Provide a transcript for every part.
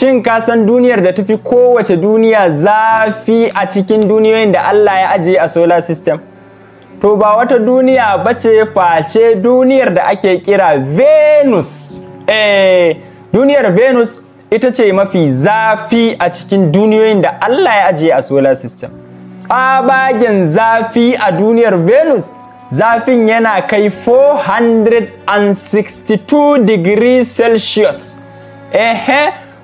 Shin ka san duniyar da tafi kowace duniya zafi a cikin duniyoyin da Allah ya ajiye a solar system? To ba wata duniya bace face duniyar da ake kira Venus. Eh, duniyar Venus ita ce mafi zafi a cikin duniyoyin da Allah ya ajiye a solar system. Tsabagen zafi a duniyar Venus zafin yana kai 462 degrees Celsius. eh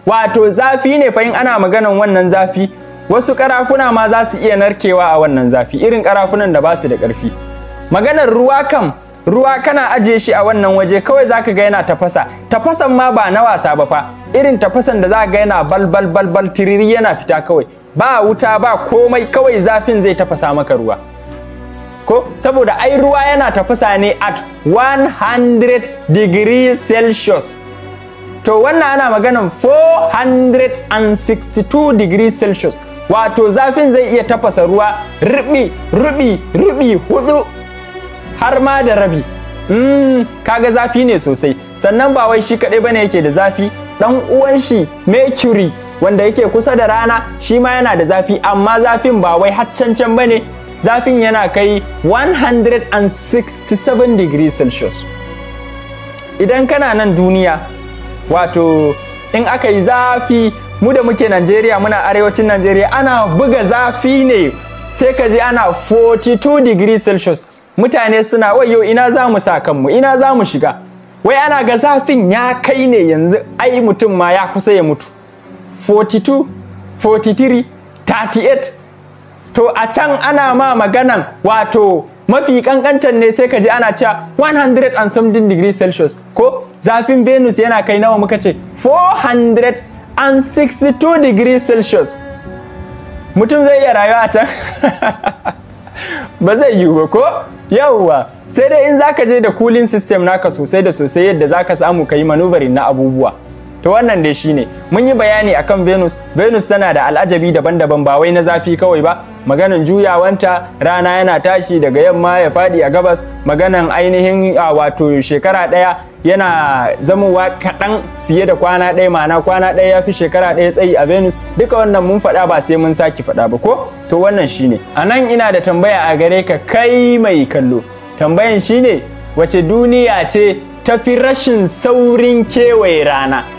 wato zafi ne fa in ana maganan wannan zafi wasu karafuna ma za su iya narkewa a wannan zafi irin karafunan da ba su da ƙarfi maganar ruwa kam ruwa kana ajiye shi a wannan waje kawai za ka ga yana tafasa tafasan ma ba na wasa ba fa irin tafasan da za ga yana balbal balbal tiriri yana fita kawai ba wuta ba komai kawai zafin zai tafasa maka ruwa ko saboda ai ruwa yana tafasa ne at 100 degrees celsius to wannan ana maganan 462 degrees celsius wato zafin zai iya tafasa ruwa rubi rubi rubi hudu har ma da rabi mm, kaga zafi ne sosai sannan ba wai shi kadai bane yake da zafi dan uwan shi mercury wanda yake kusa da rana shi ma yana da zafi amma zafin ba wai har haccancan bane zafin yana kai 167 degrees celsius idan kana nan duniya wato in aka yi zafi mu da muke Najeriya muna arewacin Najeriya ana buga zafi ne sai ka ji ana 42 degrees Celsius mutane suna wayo ina za mu sa ina za mu shiga wai ana ga zafin ya kai ne yanzu ai mutum ma ya kusa ya mutu 42 43 38 to a can ana ma maganan wato mafi kankancan ne sai ka ji ana cewa 100 and something degrees Celsius ko zafin venus yana kai nawa muka ce 462 degrees celsius mutum zai iya rayuwa a can ba zai yiwu ba ko yauwa sai dai in zaka je da cooling system naka sosai da sosai yadda zaka samu ka yi manuvarin na abubuwa to wannan dai shine mun yi bayani akan venus venus tana da al'ajabi daban-daban ba wai na zafi kawai ba maganan juyawanta rana yana tashi daga yamma ya fadi a gabas maganan ainihin wato shekara ɗaya yana zamowa kaɗan fiye da kwana ɗaya ma'ana kwana ɗaya ya fi shekara ɗaya tsayi a venus duka wannan mun faɗa ba sai mun sake faɗa ba ko to wannan shine a nan ina da tambaya a gare ka kai mai kallo tambayan shine wace duniya ce ta fi rashin saurin kewaye rana